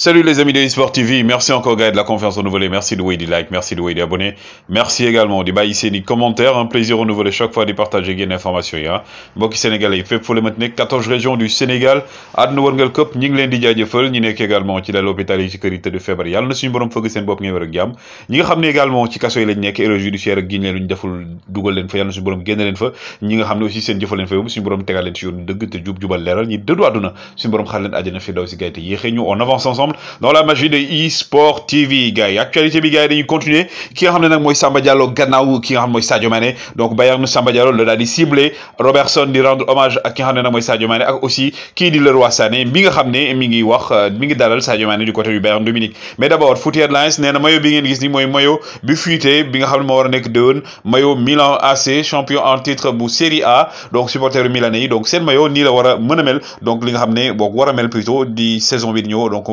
Salut les amis de eSport TV, merci encore gars de la confiance renouvelée, merci de du like, merci de du abonné, merci également de bailler des commentaires, un plaisir renouvelé chaque fois de partager des informations. Hein. Mbokk sénégalais fépp fu la maintenant 14 régions du Sénégal àdduna wërngal këpp ñi ngi leen di jaajëfal ñi nekk également ci dal hôpital yi ci kër de février, feebar yàlla na suñu borom fëgg seen bopp ngeen wér ak jàmm ñi nga xam également ci kaso yi lañ nekk erreur judiciaire ak giñ leen lu ñu deful dugal leen fa yàlla na suñu borom génn leen fa ñi nga xam aussi seen jëfal leen fa yóbbu suñu borom tegal leen ci yoon dëgg te jub jubal leeral ñi dëddu àdduna suñu borom xaar leen àjjana fi daw si gayte yéexee ñu on avance ensemble ensemble dans la magie de e-sport TV gars actualité bi gars yi qui continuer ki nga Samba Diallo gannaaw ki nga Sadio Mané donc Bayern Samba Diallo le dali ciblé Robertson di rendre hommage à qui nga xam Sadio Mané ak aussi dit di roi Sané mi nga xam wach mi ngi wax euh, mi dalal Sadio Mané du côté du Bayern Dominique mais d'abord, footy Foot Headlines nee na maillot bi ngeen gis ni mooy maillot bi fuité bi nga Milan AC champion en titre bu Serie A donc supporter Milanais donc seen maillot ni la wara a donc li nga xam mel plutôt di saison bi donc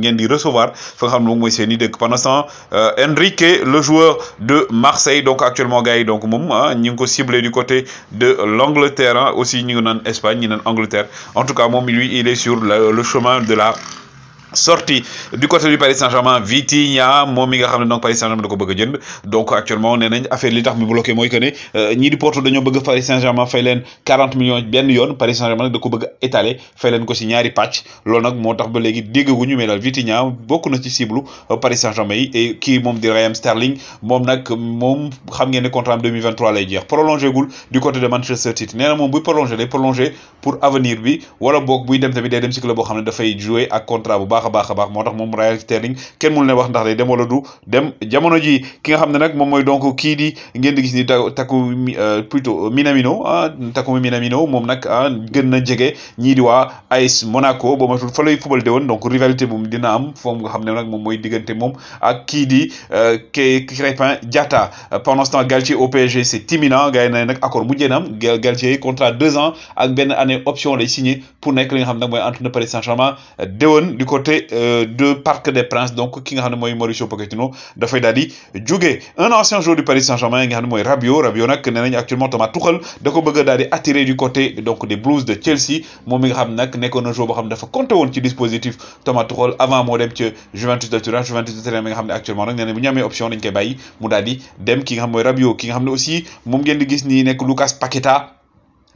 vient euh, di recevoir fa nga xam ne mooy pendant euh, Enrique le joueur de Marseille donc actuellement gars donc moom ah, ko ciblé du côté de l'Angleterre ah, aussi en ngi Espagne ñi naan Angleterre en tout cas moom lui il est sur le chemin de la sorti du côté du Paris Saint-Germain Vitinha moom mi nga xamné donc Paris Saint-Germain da ko bëgg a jënd donc actuellement nee nañ affaire li tax bloqué moy que né euh, ñi di Porto dañu bëgg Paris Saint-Germain fay leen 40 millions ben yoon Paris Saint-Germain nag da ko bëgg étaler fay leen ko ci ñaari patch lool nak moo tax ba léegi déggaguñu mais dal Vitinha bokku na ci cible Paris Saint-Germain yi et ki mom di Raheem Sterling mom nak mom xam ngeen né contrat 2023 lay jeex prolonger gul du côté de Manchester City nee na moom buy prolonger day prolonger pour avenir bi wala bok buy dem tamit day dem ci club bo xamné da fay jouer ak contrat bu baax a baax a baax moo tax moom Raheem Sterling kenn mënu leen wax ndax day dem wala du dem jamono ji ki nga xam ne nag moom mooy donc kii di ngeen di gis ni Takumi euh, plutôt euh, Minamino ah Takumi Minamino moom nag ah gën na jege ñii di waa AS Monaco boo matul fa lay football de woon donc rivalité bu dina am foofu nga xam ne nag moom mooy diggante moom ak kii di Crépin euh, Diatta pendant ce temps Galtier au PSG c'est Timina ah, gars yi nag accord mujjee na Galtier contrat deux ans ak benn année option lay signé pour nekk li nga xam ne nag mooy entraîneur Paris Saint-Germain de woon du côté. Euh, de Parc des Princes donc ki nga xam Mauricio Pochettino de daal di un ancien joueur du Paris Saint-Germain nga xam ne Rabiot Rabiot nag actuellement Thomas Tuchel da ko bëgg a attirer du côté donc des Blues de Chelsea moom mi nga qu'un joueur qui xam ne compté ci dispositif Thomas Tuchel avant moo dem ci Juventus de Turin Juventus de Turin nga actuellement nag nee bu option dañ koy bàyyi mu dem ki nga xam Rabio, Rabiot ki nga aussi moom ngeen di gis Lucas Paqueta.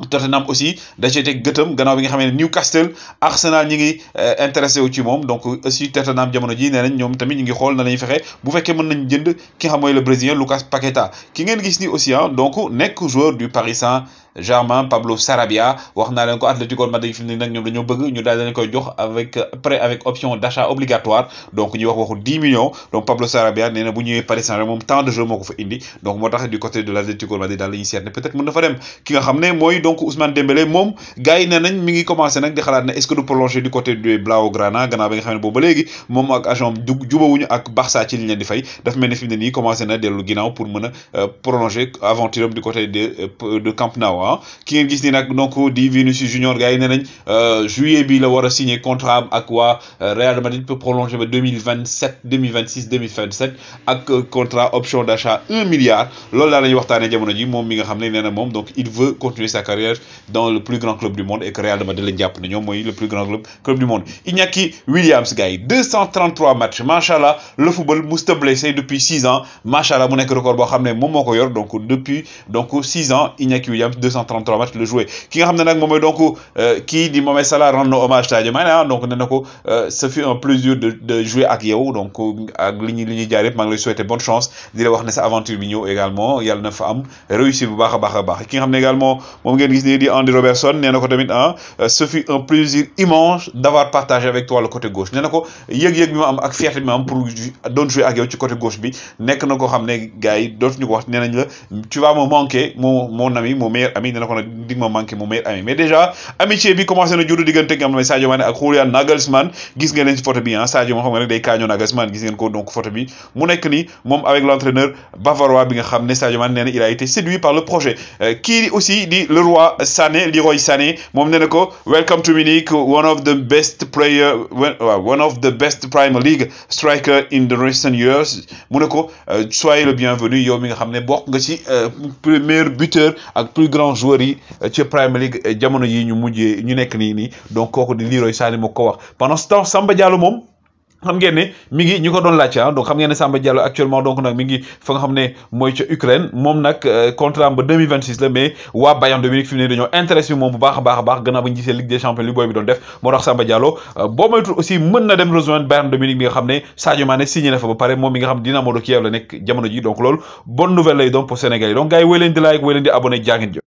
Tottenham aussi da cee teg gëtëm bi nga xamné Newcastle Arsenal ñi ngi euh, intéressé wu ci mom donc aussi Tottenham jamono ji nenañ ñom tamit ñi ngi xol na lañuy bu fekkee mën jënd ki xam moy le brésilien Lucas Paqueta ki ngeen gis ni aussi ah, Donc donc nek joueur du Paris Saint Germain Pablo Sarabia wax naa ko Atlético Madrid fini nak ne nag ñoom dañoo bëgg ñu daal leen koy jox avec prêt avec option d'achat obligatoire donc ñuy wax waxu 10 millions donc Pablo Sarabia nee bu ñëwee Paris Saint-Germain moom temps de jeu moo ko fa indi donc moo du côté de l'Atletico Madrid daal la ñuy peut être mën na fa dem ki nga xam ne donc Ousmane Dembélé mom, gars yi nee nañ mi ngi commencé nag di xalaat ne est ce que du prolonger du côté de Blaugrana gannaaw bi nga xam ne boobu ba léegi moom ak agent du jubawuñu ak Barça ci li leen di fay daf mel ne fi mu ne commencé na dellu ginnaaw pour mën euh, prolonger aventure du côté de euh, de Camp Nou qui ah. ki ngeen gis donc di Junior gars yi euh, juillet bi la war a signer contrat ak euh, Real Madrid peut prolonger ba 2027 2027 avec contrat option d'achat 1 milliard jamono ji mi nga donc il veut continuer sa carrière dans le plus grand club du monde et que Real Madrid lañ le plus grand club club du monde il Williams a yi williams 233 matchs macha le football musta blessé depuis 6 ans macha allah mu nekk record boo xam mon moom donc depuis donc six ans Iñaki Williams 233 matchs le jouer. ki nga xam nak momay donc euh, ki di Mohamed Salah rend hommage Sadio Mané ah, donc nee na euh, ce fut un plaisir de de jouer ak yow donc ak liñu liñu li mag lay souhaiter bonne chance di la wax né sa aventure bi ñeu également yalla na fa am réussir bu baax a baax ki nga xam également mom ngeen gis di Andy Robertson nee na tamit ah ce fut un plaisir immense d'avoir partagé avec toi le côté gauche nee na yeg yëg bi mo am ak fierté bi ma am pour doon jouer ak yow ci côté gauche bi nek na koo xam ne gars yi wax nee nañ la tu vas me manquer mon mon ami mon meilleur Amin la ko dig ma manqué mon meilleur ami mais déjà amitié bi commencé na jodu diggante nga xam Sadio Mané ak Julian Nagelsmann gis ngeen leen ci photo bi hein Sadio moo xam nga rek day kaañoo Nagelsmann gis ngeen ko donc photo bi mu nek ni mom avec l'entraîneur bavarois bi nga xam Sadio Mané il a été séduit par le projet qui euh, aussi di le roi Sané Leroy Sané mom nee ko welcome to Munich one of the best player uh, one of the best Premier League striker in the recent years mu ne ko euh, soyez le bienvenu yow mi nga xam ne nga ci euh, premier buteur ak plus grand cent joueurs yi euh, ci Premier League euh, jamono yi ñu mujjé ñu nekk ni ni donc koku di Leroy Sané moo ko wax pendant ce temps Samba Diallo moom. xam ngeen ne mi ngi ñu ko doon laajte ah. donc xam ngeen ne Samba Diallo actuellement donc nag mi ngi fa nga xam ne mooy ca Ukraine moom nak euh, contrat ba 2026 la mais waa Bayern de fi mu ne dañoo interest bi moom bu baax a baax a baax gannaaw bu ñu gisee Ligue des champions li boy bi doon def moo tax Samba Diallo boo moytu aussi mën na dem rejoindre Bayern de mi nga xam ne Sadio Mané signé na fa ba pare moom mi nga xam Dinamo de Kiev la nekk jamono ji donc loolu bonne nouvelle lay doon pour Sénégal yi donc gars yi wéy leen di like wéy leen di abonné jaa ngeen